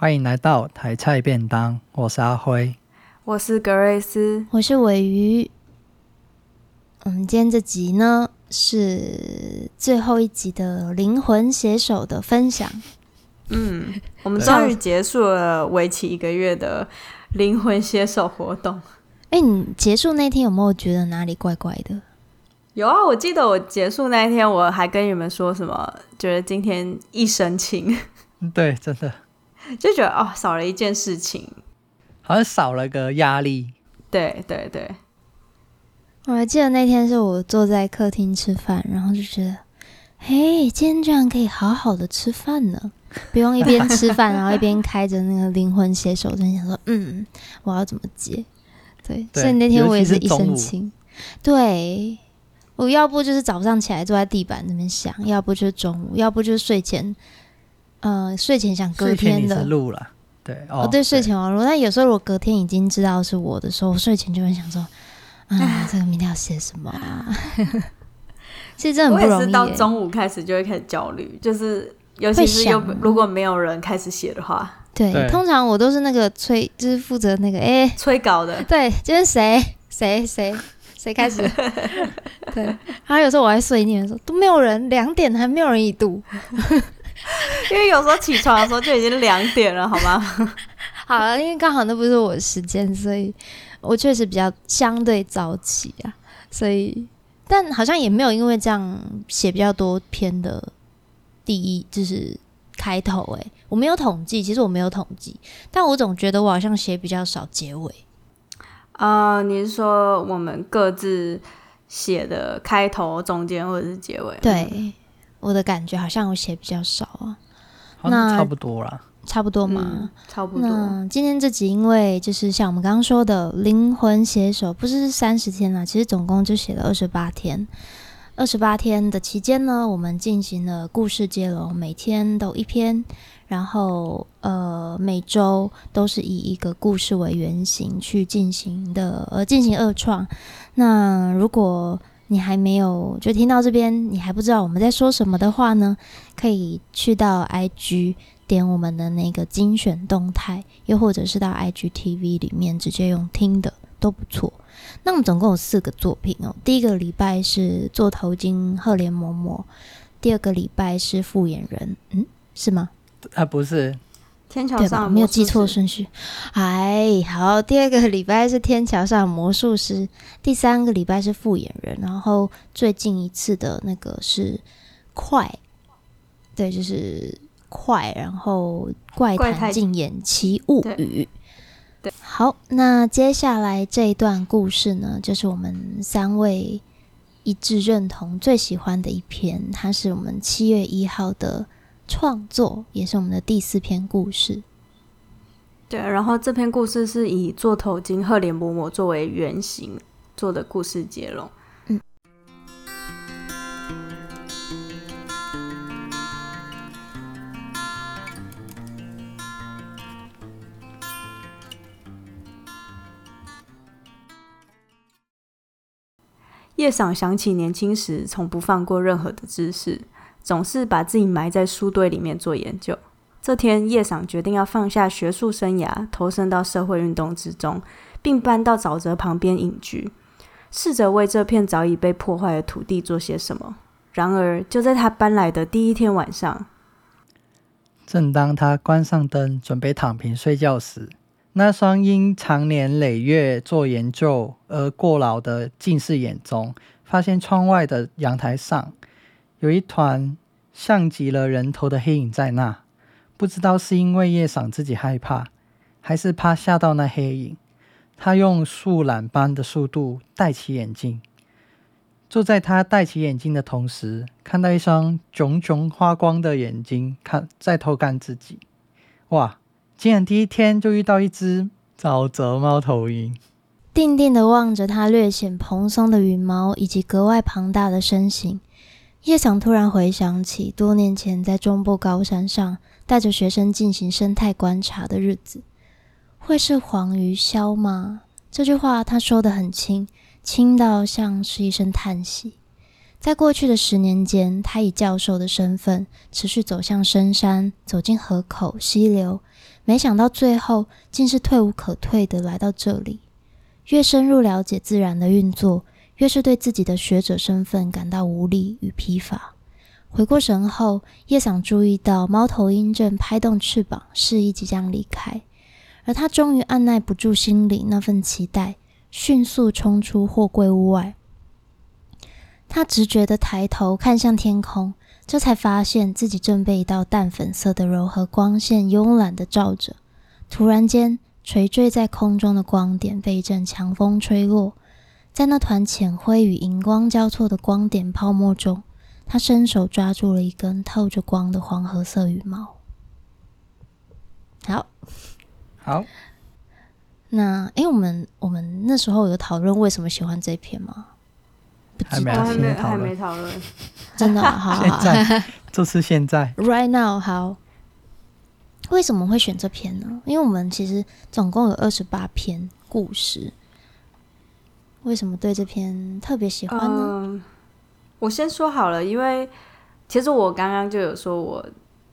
歡迎來到台菜便當，我是阿輝，我是格瑞斯，我是鮪魚。我們今天這集呢是最後一集的靈魂寫手的分享。嗯， 對我們終於結束了為期一個月的靈魂寫手活動。哎、 欸，你結束那天有沒有覺得哪裡怪怪的？有啊，我記得我結束那一天，我還跟你們說什麼，覺得今天一身輕。對，真的。就覺得哦，少了一件事情，好像少了個壓力。對對對，我還記得那天是我坐在客廳吃飯，然後就覺得，嘿，今天居然可以好好的吃飯呢，不用一邊吃飯然後一邊開着那個靈魂寫手，在想說，嗯，我要怎麼接？對，對所以那天我也是一身輕。對，我要不就是早上起來坐在地板那邊想，要不就是中午，要不就是睡前。嗯、呃，睡前想隔天的路了，對，我、哦哦、對睡前忙、哦、碌。對但有時候我隔天已經知道是我的時候，我睡前就會想說：“啊、嗯、 這個明天要寫什麼、啊？” 其實真的不容易，我也是到中午開始就會開始焦慮，就是尤其是又想如果沒有人開始寫的話，對，對通常我都是那個催，就是負責那個哎、欸、催稿的，對，就是誰誰誰誰開始， 對、然後、啊、有時候我還睡一點的時候都沒有人，兩點還沒有人已讀。 因為有時候起床的時候就已經兩點了，好嗎？ 好了、啊，因為剛好那不是我的時間，所以我確實比較相對早起啊。所以，但好像也沒有因為這樣寫比較多篇的第一就是開頭哎、欸，我沒有統計，其實我沒有統計，但我總覺得我好像寫比較少結尾。呃，你是說我們各自寫的開頭、中間或者是結尾？對，嗯、我的感覺好像我寫比較少。好，那差不多了，差不多嘛，嗯，差不多。那今天這集，因為就是像我們剛剛說的，靈魂寫手不是三十天啊，其實總共就寫了二十八天。二十八天的期間呢，我們進行了故事接龍，每天都一篇，然後呃，每周都是以一個故事為原型去進行的，呃，進行二創。那如果你還沒有就聽到這邊，你還不知道我們在說什麼的話呢？可以去到 IG 點我們的那個精選動態，又或者是到 IGTV 裡面直接用聽的都不錯。那我們總共有四個作品哦，第一個禮拜是座頭鯨，赫連麼麼；第二個禮拜是復眼人，嗯，是嗎？啊，不是。天橋上的，沒有記錯順序，哎，好。第二個禮拜是天橋上的魔術師，第三個禮拜是復眼人，然後最近一次的那個是快，對，就是快，然後怪談競演奇物語。好，那接下來這一段故事呢，就是我們三位一致認同最喜歡的一篇，它是我們七月一號的。創作也是我們的第四篇故事，對。然後這篇故事是以座頭鯨赫連嬤嬤作為原型做的故事接龍。嗯。夜嗓想起年輕時，從不放過任何的知識。總是把自己埋在書堆裡面做研究。這天，葉賞決定要放下學術生涯，投身到社會運動之中，並搬到沼澤旁邊隱居，試着為這片早已被破壞的土地做些什麼。然而，就在他搬來的第一天晚上，正當他關上燈，準備躺平睡覺時，那雙因長年累月做研究而過勞的近視眼中，發現窗外的陽台上，有一團像極了人頭的黑影在那，不知道是因為夜賞自己害怕，還是怕嚇到那黑影。他用樹懶般的速度戴起眼鏡。就在他戴起眼鏡的同時，看到一雙炯炯發光的眼睛看，看在偷看自己。哇！竟然第一天就遇到一隻沼澤貓頭鷹，定定的望着他略顯蓬鬆的羽毛以及格外龐大的身形。葉翔突然回想起多年前在中部高山上帶着學生進行生態觀察的日子，會是黃魚鴞嗎？這句話他說得很輕，輕到像是一聲嘆息。在過去的十年間，他以教授的身份持續走向深山，走進河口、溪流，沒想到最後竟是退無可退地來到這裡。越深入了解自然的運作。越是對自己的學者身份感到無力與疲乏，回過神後，葉想注意到貓頭鷹正拍動翅膀，示意即將離開。而他終於按捺不住心裡那份期待，迅速衝出貨櫃屋外。他直覺地抬頭看向天空，這才發現自己正被一道淡粉色的柔和光線慵懶地照著。突然間，垂墜在空中的光點被一陣強風吹落。在那團淺灰與熒光交錯的光點泡沫中，他伸手抓住了一根透着光的黃褐色羽毛。好，好。那，欸，我們我們那時候有討論為什麼喜歡這篇嗎？不知道還沒，還沒，還沒討論。真的，哦，好好，好。現在，就是現在。Right now，好。為什麼會選這篇呢？因為我們其實總共有二十八篇故事。為什麼對這篇特別喜歡呢？呃，我先說好了，因為其實我剛剛就有說，我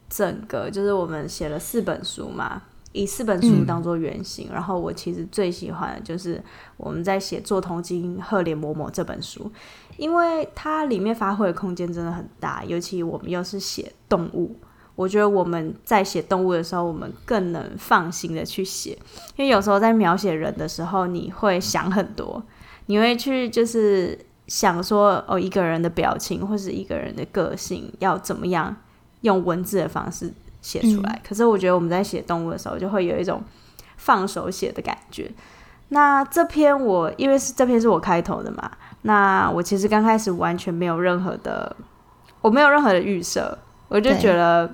整個就是我們寫了四本書嘛，以四本書當做原型。嗯。然後我其實最喜歡的就是我們在寫《座頭鯨赫連麼麼》這本書，因為它裡面發揮的空間真的很大。尤其我們又是寫動物，我覺得我們在寫動物的時候，我們更能放心的去寫。因為有時候在描寫人的時候，你會想很多。你會去就是想說哦，一個人的表情或者是一個人的個性要怎麼樣用文字的方式寫出來？嗯、可是我覺得我們在寫動物的時候，就會有一種放手寫的感覺。那這篇我因為是這篇是我開頭的嘛，那我其實剛開始完全沒有任何的，我沒有任何的預設，我就覺得。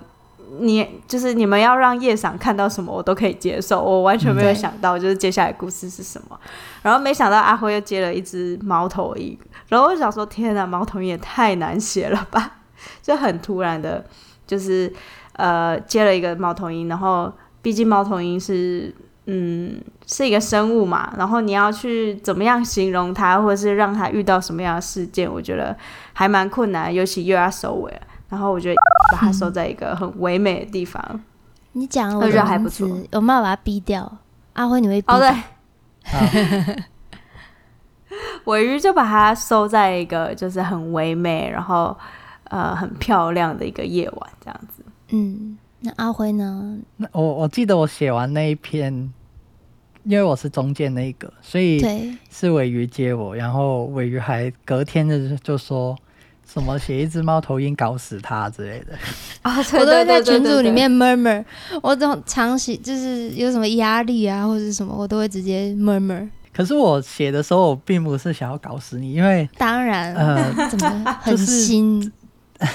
你就是你們要讓夜賞看到什麼，我都可以接受。我完全沒有想到，就是接下來的故事是什麼。嗯、對然後沒想到阿輝又接了一隻貓頭鷹，然後我想說：天哪，貓頭鷹也太難寫了吧！ 就很突然的，就是呃接了一個貓頭鷹。然後畢竟貓頭鷹是嗯是一個生物嘛，然後你要去怎麼樣形容它，或者是讓它遇到什麼樣的事件，我覺得還蠻困難，尤其又要收尾。然後我就把它收在一個很唯美的地方。你講、嗯，我覺得還不錯。有沒有把它逼掉？阿輝，你會逼哦，對，鮪、 啊、 魚就把它收在一個就是很唯美，然後呃很漂亮的一個夜晚這樣子。嗯，那阿輝呢？那我我記得我寫完那一篇，因為我是中間那一個，所以是鮪魚接我，然後鮪魚還隔天的就說。什麼寫一隻貓頭鷹搞死他之類的啊！哦、我都會在群組裡面 murmur，我總常寫，就是有什麼壓力啊，或者什麼，我都會直接 murmur。可是我寫的時候，我並不是想要搞死你，因為當然呃，怎麼很心、呃，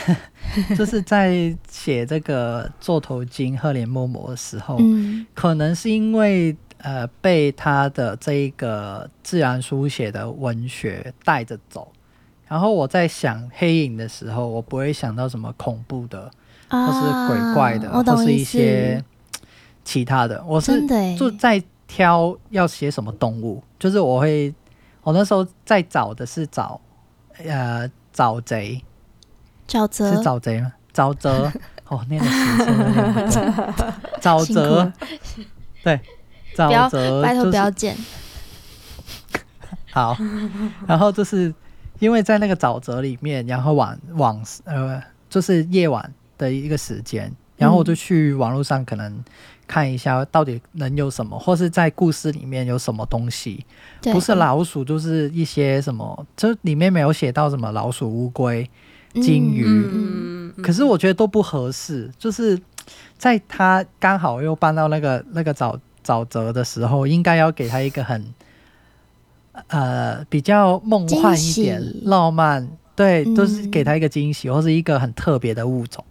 就是， 就是在寫這個座頭鯨赫連麼，麼麼的時候，嗯、可能是因為呃被他的這一個自然書寫的文學帶着走。然後我在想黑影的時候，我不會想到什麼恐怖的，或是鬼怪的，啊、或是一些其他的。我是就在挑要寫什麼動物，欸、就是我會，我那時候在找的是找呃沼賊，沼澤澤是沼賊嗎？沼澤 哦，那個詞有沼澤澤 對沼澤、就是，拜託不，不要見。 好，然後就是。因為在那個沼澤裡面，然後晚晚呃，就是夜晚的一個時間，然後我就去網絡上可能看一下到底能有什麼，或是在故事裡面有什麼東西，不是老鼠，就是一些什麼，這裡面沒有寫到什麼老鼠、烏龜、金魚，嗯，可是我覺得都不合適，就是在他剛好又搬到那個那個沼沼澤的時候，應該要給他一個很。呃，比較夢幻一點、驚喜、浪漫，對，都、嗯、是給他一個驚喜，或是一個很特別的物種。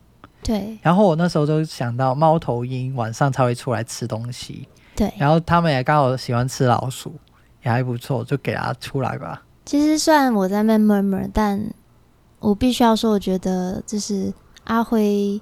對。然後我那時候就想到，貓頭鷹晚上才會出來吃東西。對。然後他們也剛好喜歡吃老鼠，也還不錯，就給他出來吧。其實雖然我在那邊 murmur，但我必須要說，我覺得就是阿輝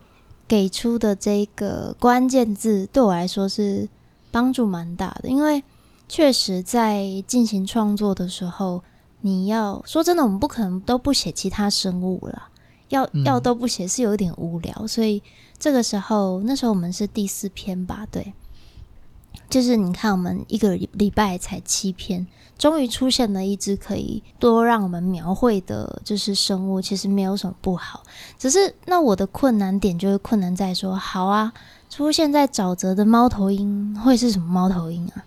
給出的這一個關鍵字，對我來說是幫助蠻大的，因為。確實，在進行創作的時候，你要說真的，我們不可能都不寫其他生物了，要要都不寫是有一點無聊。嗯，所以這個時候，那時候我們是第四篇吧？對，就是你看，我們一個禮拜才七篇，終於出現了一隻可以多讓我們描繪的，就是生物，其實沒有什麼不好。只是那我的困難點就是困難在說，好啊，出現在沼澤的貓頭鷹會是什麼貓頭鷹啊？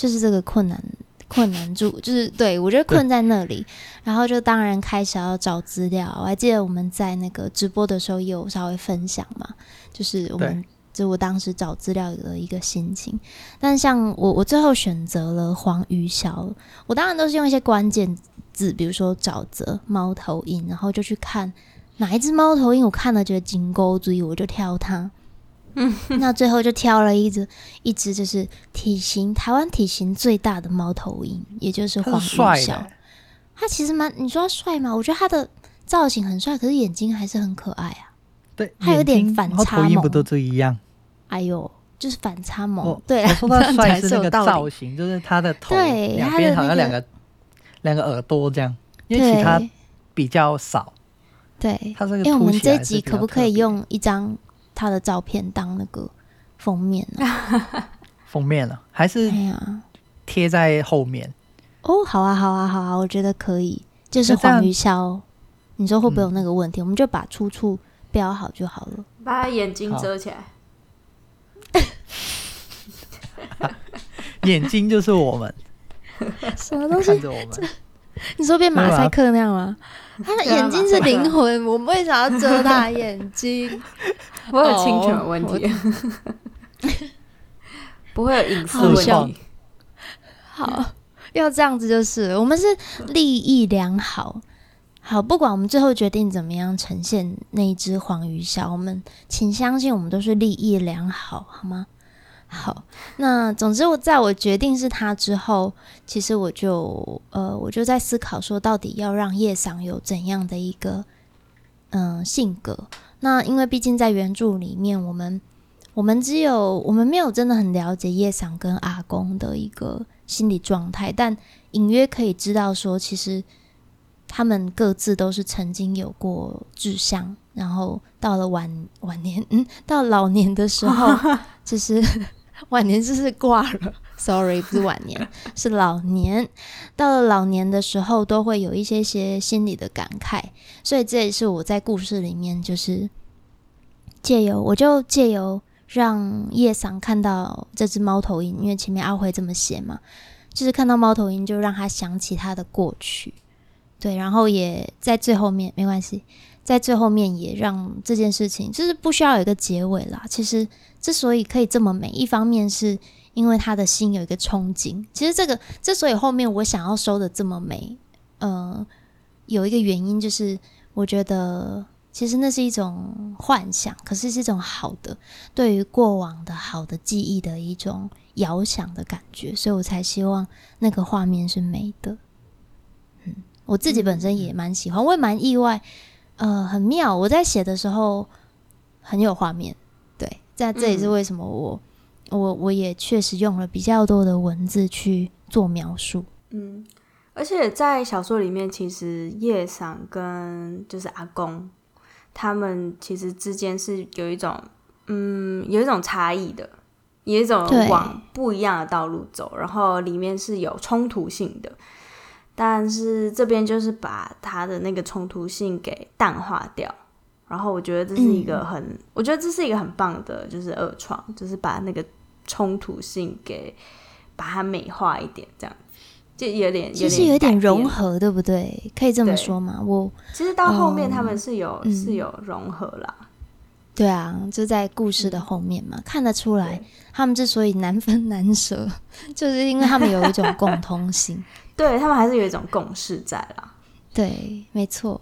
就是這個困難，困難住就是對我就困在那裡，對然後就當然開始要找資料。我還記得我們在那個直播的時候也有稍微分享嘛，就是我們對就我當時找資料的一個心情。但像我，我最後選擇了黃魚鴞，我當然都是用一些關鍵字，比如說沼澤、貓頭鷹，然後就去看哪一隻貓頭鷹，我看了覺得金鈎嘴，我就挑它。嗯，那最後就挑了一隻，一隻就是體型台灣體型最大的貓頭鷹，也就是黃魚鴞。他其實蠻，你說他帥嗎？我覺得他的造型很帥，可是眼睛還是很可愛啊。對，他有點反差萌。貓頭鷹不都都一樣？哎呦，就是反差萌。對，我說他帥是個造型，就是他的頭兩邊好像兩個兩個耳朵這樣，因為其他比較少。對，他是個突起。因為我們這集可不可以用一張？他的照片，當那個封面。喔， 封面了還是？貼在後面。哎呀。哦，好啊，好啊，好啊，我覺得可以。就是黃魚蝦，樣你說會不會有那個問題？嗯、我們就把出處標好就好了。把他眼睛遮起來，好 眼睛就是我們， 什麼東西 看著我們 你說變馬賽克那樣嗎？啊、他的眼睛是靈魂， 啊、我們為啥要遮大眼睛？不會 有侵權問題，oh, 不會有隱私問題好。好，要這樣子就是， 我們是利益良好。好，不管我們最後決定怎麼樣呈現那一隻黃魚小，我們請相信我們都是利益良好，好嗎？好，那總之我在我決定是他之後，其實我就呃，我就在思考說，到底要讓葉桑有怎樣的一個嗯、呃、性格？那因為畢竟在原著裡面，我們我們只有我們沒有真的很了解葉桑跟阿公的一個心理狀態，但隱約可以知道說，其實他們各自都是曾經有過志向，然後到了晚晚年，嗯，到老年的時候，其實。晚年就是掛了，sorry，不是晚年， 是老年。到了老年的時候，都會有一些些心理的感慨，所以這也是我在故事裡面，就是借由，我就借由讓葉桑看到這隻貓頭鷹，因為前面阿輝這麼寫嘛，就是看到貓頭鷹，就讓他想起他的過去。對，然後也在最後面沒關係，在最後面也讓這件事情，就是不需要有一個結尾啦，其實。之所以可以這麼美，一方面是因為他的心有一個憧憬。其實這個之所以後面我想要收的這麼美，呃，有一個原因就是我覺得其實那是一種幻想，可是是一種好的對於過往的好的記憶的一種遙想的感覺，所以我才希望那個畫面是美的。嗯，我自己本身也蠻喜歡，我也蠻意外，呃，很妙。我在寫的時候很有畫面。但這也是為什麼我、嗯、我我也確實用了比較多的文字去做描述，嗯，而且在小說裡面，其實葉桑跟就是阿公他們其實之間是有一種嗯，有一種差異的，有一種往不一樣的道路走，對然後裡面是有衝突性的，但是這邊就是把他的那個衝突性給淡化掉。然後我覺得這是一個很，嗯、我覺得這是一個很棒的，就是二創，就是把那個衝突性給把它美化一點，這樣就有點其實有，有點融合，對不對？可以這麼說嗎？對我其實到後面他們是有、哦、是有融合啦、嗯，對啊，就在故事的後面嘛，嗯、看得出來對他們之所以難分難捨， 就是因為他們有一種共通性， 對他們還是有一種共識在啦， 對，沒錯。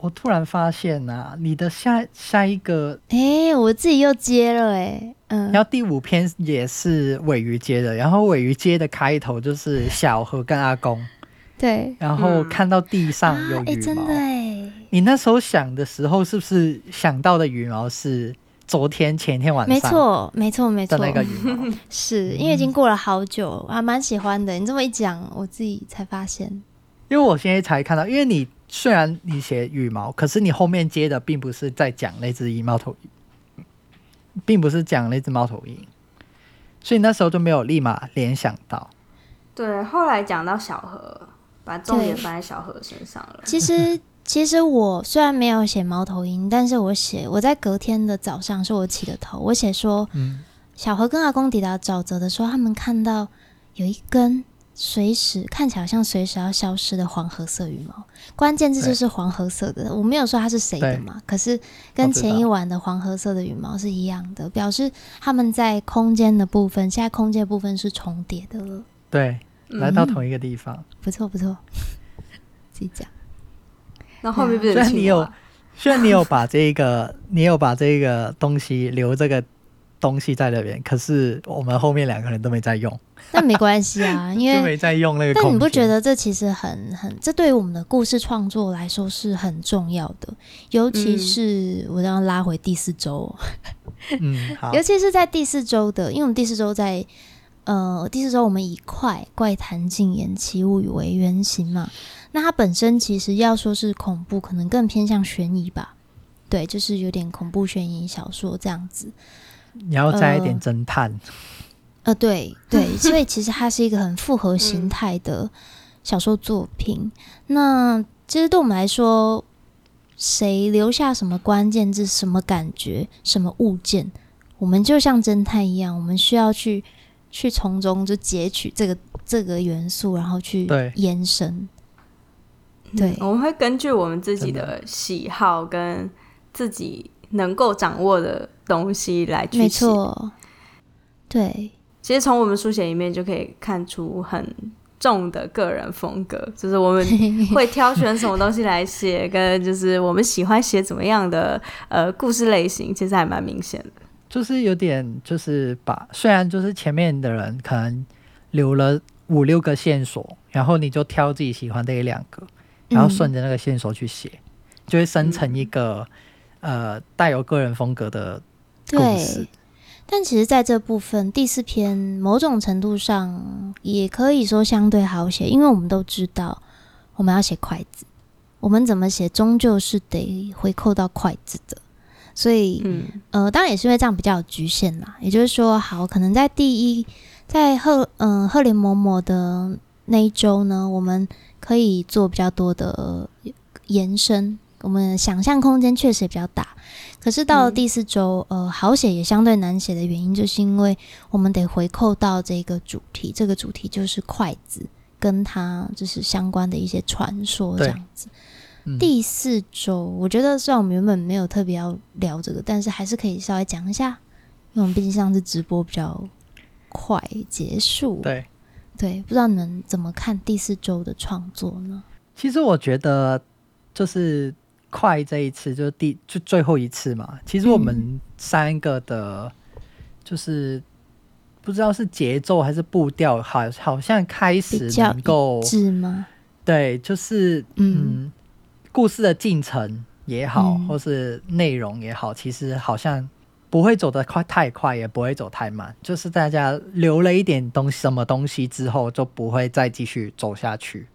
我突然發現啊，你的下下一個，哎、欸，我自己又接了、欸，哎，嗯，然後第五篇也是鮪魚接的，然後鮪魚接的開頭就是小何跟阿公，對，然後看到地上有羽毛，啊欸、真的、欸，你那時候想的時候是不是想到的羽毛是昨天前天晚上？沒錯，沒錯，沒錯，那個羽毛，是、嗯、因為已經過了好久我還、啊、蠻喜歡的。你這麼一講，我自己才發現，因為我現在才看到，因為你。雖然你寫羽毛，可是你後面接的並不是在講那只貓頭鷹，並不是講那只貓頭鷹，所以那時候就沒有立馬聯想到。對，後來講到小河，把重點放在小河身上了。其實，其實我雖然沒有寫貓頭鷹，但是我寫我在隔天的早上是我起的頭，我寫說，嗯、小河跟阿公抵達沼澤的時候，他們看到有一根。隨時看起來像隨時要消失的黃褐色羽毛。關鍵這就是黃褐色的。對我沒有說它是誰的嘛，對可是跟前一晚的黃褐色的羽毛是一樣的，表示他們在空間的部分，現在空間部分是重疊的了。對，嗯、來到同一個地方，嗯、不錯不錯。自己講。那 後，後面不能雖然你有，雖然你有把這個， 你有把這個東西留這個。東西在那邊，可是我們後面兩個人都沒在用，那 沒關係啊，因為都 沒在用那個。但你不覺得這其實很很，這對於我們的故事創作來說是很重要的，尤其是、嗯、我要拉回第四周， 嗯，好，尤其是在第四周的，因為我們第四周在呃第四周我們以快《快怪談》禁言奇物語為原型嘛，那它本身其實要說是恐怖，可能更偏向懸疑吧，對，就是有點恐怖懸疑小說這樣子。你要再一點偵探，呃，呃對對，所以其實它是一個很複合形態的小說作品。 嗯，那其實對我們來說，誰留下什麼關鍵字，什麼感覺，什麼物件，我們就像偵探一樣，我們需要去去從中就截取這個這個元素，然後去延伸。對，對我們會根據我們自己的喜好跟自己。能夠掌握的東西來去寫，沒錯。對，其實從我們書寫裡面就可以看出很重的個人風格，就是我們會挑選什麼東西來寫， 跟就是我們喜歡寫怎麼樣的呃故事類型，其實還蠻明顯的。就是有點就是把，雖然就是前面的人可能留了五六個線索，然後你就挑自己喜歡的一兩個，嗯、然後順着那個線索去寫，就會生成一個。嗯呃，帶有個人風格的對，但其實，在這部分第四篇，某種程度上也可以說相對好寫，因為我們都知道，我們要寫筷子，我們怎麼寫，終究是得回扣到筷子的，所以，嗯、呃，當然也是因為這樣比較有局限啦。也就是說，好，可能在第一，在赫嗯、呃、赫連嬤嬤的那一周呢，我們可以做比較多的延伸。我們想象空間確實也比較大，可是到了第四周，嗯、呃，好寫也相對難寫的原因，就是因為我們得回扣到這個主題，這個主題就是筷子，跟它就是相關的一些傳說這樣子。嗯、第四周，我覺得雖然我們原本沒有特別要聊這個，但是還是可以稍微講一下，因為我們畢竟上次直播比較快結束，對，對，不知道你們怎麼看第四周的創作呢？其實我覺得就是。快這一次就是第就最後一次嘛。其實我們三個的，就是、嗯、不知道是節奏還是步調，好好像開始能夠對，就是嗯、嗯，故事的進程也好，或是內容也好，嗯、其實好像不會走得快太快，也不會走太慢。就是大家留了一點東西，什麼東西之後，就不會再繼續走下去、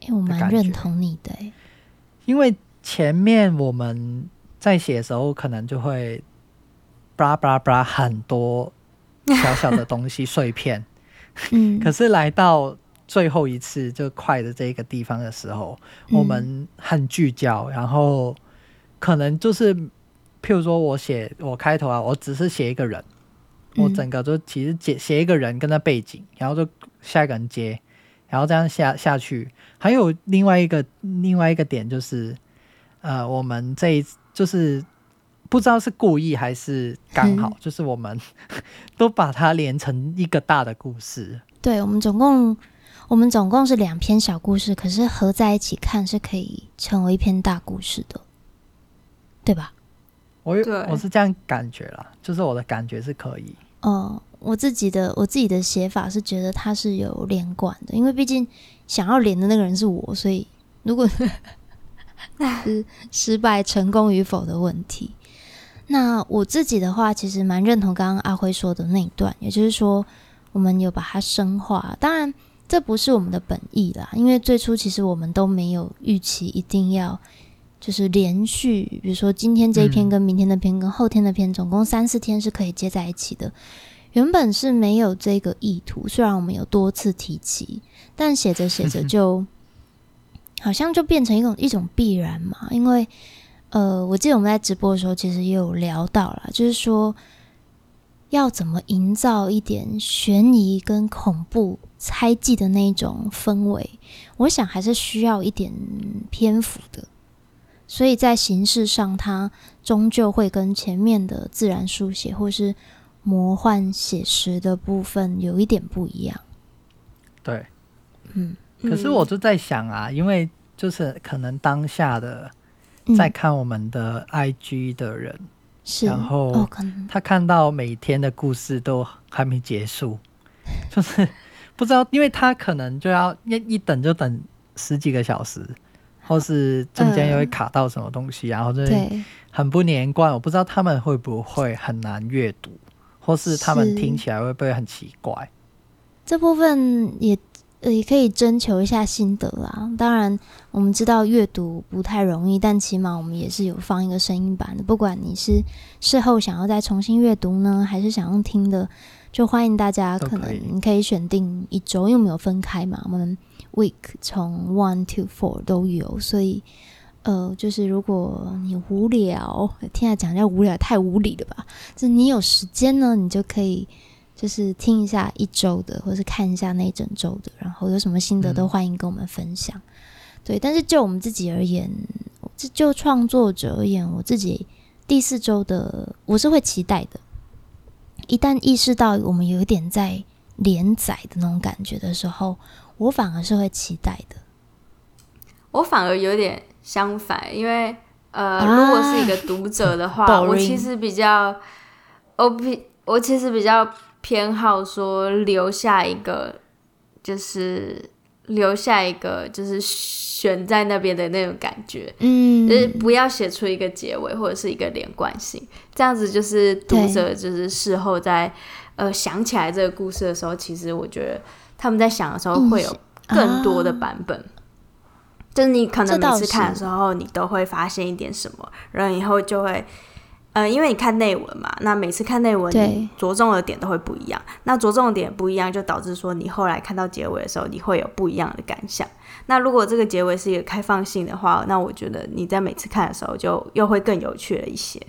欸。我蠻認同你的、欸，因為。前面我們在寫的時候，可能就會，布拉布拉布拉很多小小的東西碎片。 嗯、可是來到最後一次就快的這個地方的時候，嗯、我們很聚焦，然後可能就是，譬如說我寫我開頭啊，我只是寫一個人，我整個就其實寫寫一個人跟他背景，然後就下一個人接，然後這樣下下去。還有另外一個另外一個點就是。呃，我們這一就是不知道是故意還是剛好，嗯、就是我們 都把它連成一個大的故事。對，我們總共我們總共是兩篇小故事，可是合在一起看是可以成為一篇大故事的，對吧？我對我是這樣感覺了，對就是我的感覺是可以。哦、呃，我自己的我自己的寫法是覺得它是有連貫的，因為畢竟想要連的那個人是我，所以如果。 失敗成功與否的問題。那我自己的話，其實蠻認同剛剛阿輝說的那一段，也就是說，我們有把它深化。當然，這不是我們的本意啦，因為最初其實我們都沒有預期一定要就是連續，比如說今天這一篇跟明天的篇，跟後天的篇，總共三四天是可以接在一起的。原本是沒有這個意圖，雖然我們有多次提起，但寫着寫着就。 好像就變成一種一種必然嘛，因為，呃，我記得我們在直播的時候其實也有聊到了，就是說要怎麼營造一點懸疑跟恐怖、猜忌的那種氛圍，我想還是需要一點篇幅的，所以在形式上，它終究會跟前面的自然書寫或是魔幻寫實的部分有一點不一樣。對，嗯。可是我就在想啊，嗯、因為就是可能當下的在看我們的 IG 的人，嗯、是然後他看到每天的故事都還沒結束，嗯、就是不知道，因為他可能就要一，一等就等十幾個小時，好或是中間又會卡到什麼東西，呃、然後就很不連貫。對我不知道他們會不會很難閱讀，或是他們聽起來會不會很奇怪？這部分也。呃，也可以徵求一下心得啦。當然，我們知道閱讀不太容易，但起碼我們也是有放一個聲音版的。不管你是事後想要再重新閱讀呢，還是想要聽的，就歡迎大家 Okay. 可能你可以選定一周，因為我們有分開嘛，我們 week 從 one to four 都有，所以呃，就是如果你無聊，聽他講叫無聊太無理了吧？就是你有時間呢，你就可以。就是聽一下一周的，或是看一下那一整周的，然後有什麼心得都歡迎跟我們分享。嗯、對，但是就我們自己而言，就創作者而言，我自己第四周的我是會期待的。一旦意識到我們有一點在連載的那種感覺的時候，我反而是會期待的。我反而有點相反，因為呃，啊、如果是一個讀者的話，啊、我其實比較，我比我其實比較。偏好說留下一個，就是留下一個，就是懸在那邊的那種感覺，嗯，就是不要寫出一個結尾或者是一個連貫性，這樣子就是讀者就是事後在呃想起來這個故事的時候，其實我覺得他們在想的時候會有更多的版本，就是你可能每次看的時候，你都會發現一點什麼，然後以後就會。呃，因為你看內文嘛，那每次看內文你着重的點都會不一樣，對那着重的點不一樣，就導致說你後來看到結尾的時候，你會有不一樣的感想。那如果這個結尾是一個開放性的話，那我覺得你在每次看的時候就又會更有趣了一些。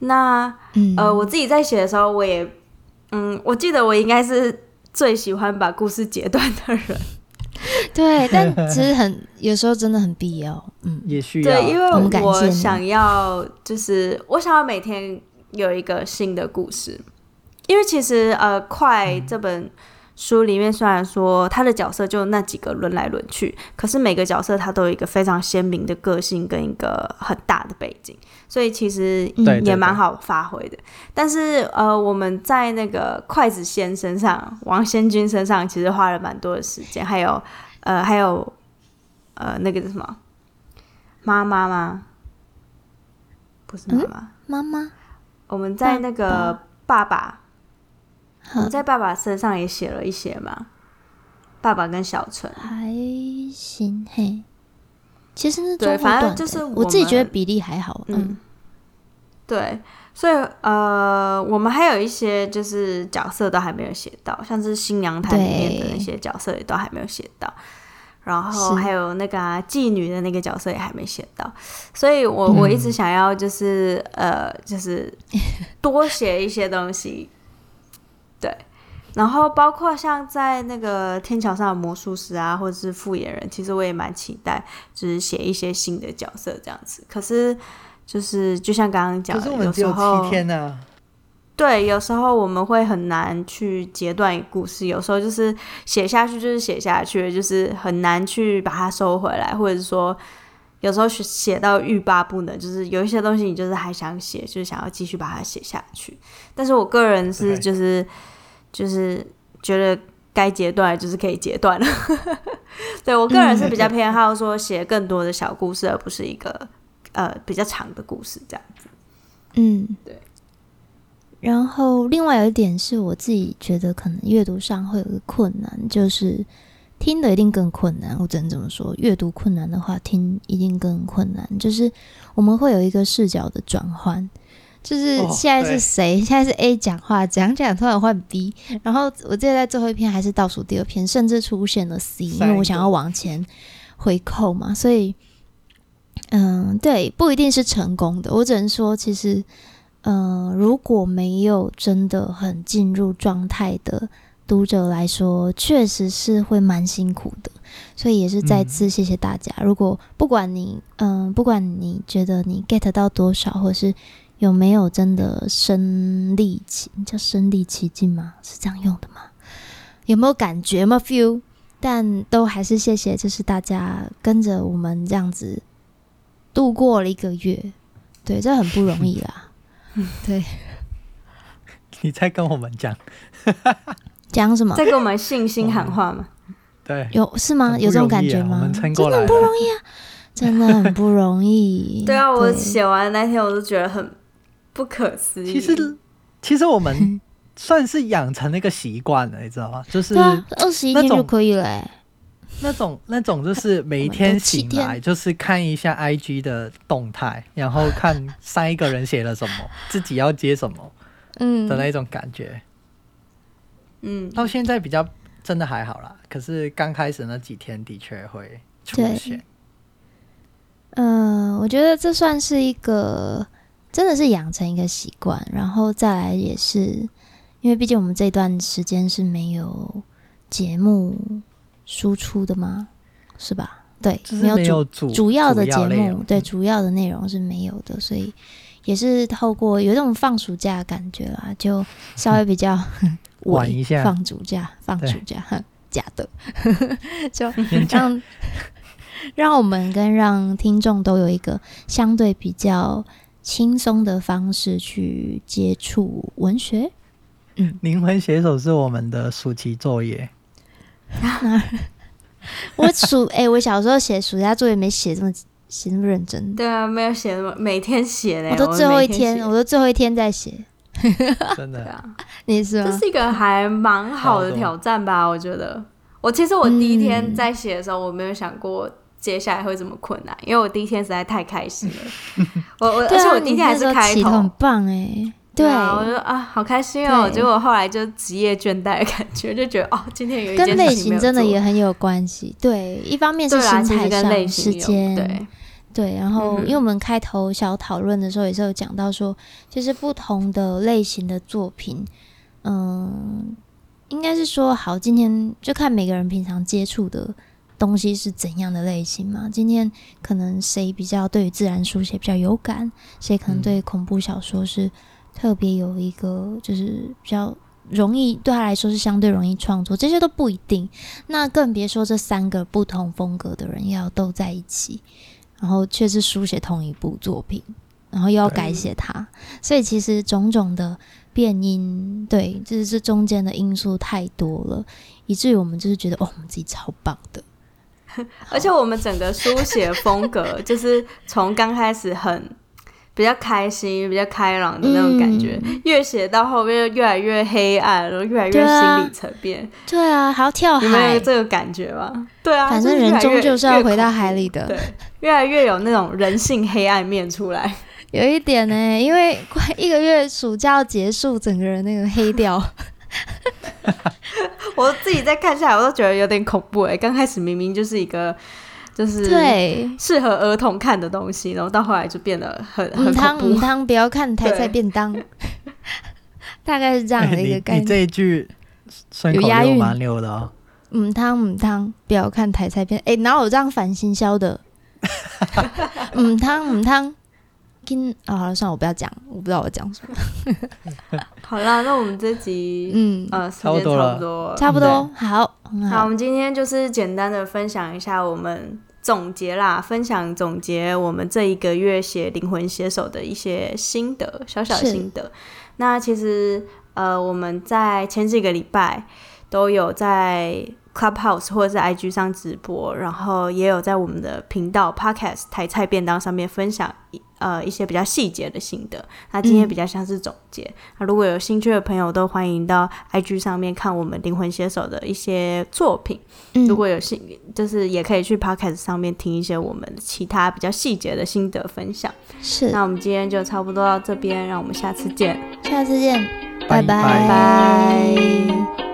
那呃，我自己在寫的時候，我也嗯，我記得我應該是最喜歡把故事截斷的人。對，但其實很 有時候真的很必要，嗯，也需要，對，因為我，我想要就是我想要每天有一個新的故事，因為其實呃，嗯、快這本書裡面雖然說他的角色就那幾個輪來輪去，可是每個角色他都有一個非常鮮明的個性跟一個很大的背景，所以其實也，對對對，也蠻好發揮的。但是呃，我們在那個筷子仙身上、王先君身上，其實花了蠻多的時間，還有。呃，還有，呃，那個是什麼？媽媽嗎？不是媽媽，媽媽、嗯。媽媽我們在那個爸爸，你媽在爸爸身上也寫了一些嘛？呵爸爸跟小春還行，嘿，其實那種反正就是我，我自己覺得比例還好，嗯。嗯對，所以呃，我們還有一些就是角色都還沒有寫到，像是《新娘台》裡面的那些角色也都還沒有寫到，對然後還有那個、啊、妓女的那個角色也還沒寫到，所以我我一直想要就是、嗯、呃，就是多寫一些東西， 對，然後包括像在那個天橋上的魔術師啊，或者是複眼人，其實我也蠻期待，就是寫一些新的角色這樣子，可是。就是就像剛剛講的，可是我們只有七天啊。有時候對，有時候我們會很難去截斷故事，有時候就是寫下去就是寫下去，就是很難去把它收回來，或者是說有時候寫到欲罷不能，就是有一些東西你就是還想寫，就是想要繼續把它寫下去。但是我個人是就是對就是覺得該截斷就是可以截斷了。 對，我個人是比較偏好說寫更多的小故事，而不是一個。呃，比較長的故事這樣子，嗯，對。然後另外有一點是我自己覺得可能閱讀上會有個困難，就是聽的一定更困難。我只能這麼說，閱讀困難的話，聽一定更困難。就是我們會有一個視角的轉換，就是現在是誰？哦，現在是 A 講話，講講突然換 B，然後我記得在最後一篇還是倒數第二篇，甚至出現了 C，因為我想要往前回扣嘛，所以。嗯，對，不一定是成功的。我只能說，其實，嗯，如果沒有真的很進入狀態的讀者來說，確實是會蠻辛苦的。所以也是再次謝謝大家。嗯，如果不管你，嗯，不管你覺得你 get 到多少，或是有沒有真的身歷，你叫身歷其叫身歷其境嗎？是這樣用的嗎？有沒有感覺嗎？feel？但都還是謝謝，就是大家跟着我們這樣子。度過了一個月，對，這很不容易啦。 對，你在跟我們講，講 什麼？在跟我們信心喊話嗎？嗯、對，有是嗎？啊、有這種感覺嗎？我們過了真的很不容易啊， 真的很不容易。 對，對啊，我寫完那天，我都覺得很不可思議。其實，其實我們算是養成那個習慣了， 你知道嗎？就是對啊，二十一天就可以了、欸。那種那種就是每一天醒來，就是看一下 IG 的動態，然後看上一個人寫了什麼， 自己要接什麼，嗯，的那種感覺。嗯，嗯到現在比較真的還好啦，可是剛開始那幾天的確會出現。嗯、呃，我覺得這算是一個，真的是養成一個習慣，然後再來也是，因為畢竟我們這段時間是沒有節目輸出的嗎？是吧？對，沒有主主要的節目，主對主要的內容是沒有的，嗯，所以也是透過有一種放暑假的感覺啦，就稍微比較晚一下放暑假，放暑假，對假的， 就讓家 讓我們跟讓聽眾都有一個相對比較輕鬆的方式去接觸文學。嗯，靈魂寫手是我們的暑期作業。 我暑哎、欸，我小時候寫暑假作業沒寫這麼寫那麼認真的。對啊，沒有寫那麼每天寫的我，我，我都最後一天，我都最後一天在寫。 真的啊，你是嗎？這是一個還蠻好的挑戰吧？啊、我覺得，我其實我第一天在寫的時候，我沒有想過接下來會這麼困難，嗯、因為我第一天實在太開心了。 我我而且我第一天還是開頭，啊、是的很棒哎、欸。對、啊，對啊、我就啊，好開心哦！對結果後來就職業倦怠的感覺，就覺得哦，今天跟類型真的也很有關係。對，一方面是心態上，時間對、啊、對，對。然後，因為我們開頭小討論的時候，也是有講到說，嗯、其實不同的類型的作品，嗯，應該是說，好，今天就看每個人平常接觸的東西是怎樣的類型嘛。今天可能誰比較對於自然書寫比較有感，誰可能對恐怖小說是、嗯。特別有一個就是比較容易，對他來說是相對容易創作，這些都不一定。那更別說這三個不同風格的人要都在一起，然後卻是書寫同一部作品，然後又要改寫它，了所以其實種種的變因，對，就是這中間的因素太多了，以至於我們就是覺得哦，我們自己超棒的。而且我們整個書寫風格就是從剛開始很。比較開心、比較開朗的那種感覺，嗯、越寫到後面越來越黑暗，然後越來越心理層澱、啊。對啊，還要跳海，有有這個感覺吧？對啊，反正人終究是要回到海裡的越越。對，越來越有那種人性黑暗面出來。 有一點呢，因為快一個月暑假要結束，整個人那個黑掉。 我自己在看下來，我都覺得有點恐怖哎。剛開始明明就是一個。就是適合兒童看的東西，對然後到後來就變得很、嗯、湯很。母、嗯、湯母湯不要看台菜便當，對 大概是這樣的一個概念。欸、你，你這一句有押韻，蠻溜的哦。湯嗯湯，嗯湯不要看台菜便，哎、欸，哪有這樣反行銷的 嗯？嗯湯嗯湯。哦，好了，算了，我不要講，我不知道我講什麼。 好了，那我們這集，嗯、呃、時間差不多，差不多，差不多，嗯、對好，好，好，我們今天就是簡單的分享一下，我們總結啦，分享總結我們這一個月寫靈魂寫手的一些心得，小小的心得。是那其實，呃，我們在前幾個禮拜，都有在 Clubhouse 或者是 IG 上直播，然後也有在我們的頻道 Podcast 台菜便當上面分享呃一些比較細節的心得。那今天比較像是總結，那、嗯、如果有興趣的朋友都歡迎到 IG 上面看我們靈魂寫手的一些作品。嗯、如果有興，就是也可以去 Podcast 上面聽一些我們其他比較細節的心得分享。是，那我們今天就差不多到這邊，讓我們下次見，下次見，拜拜。拜拜。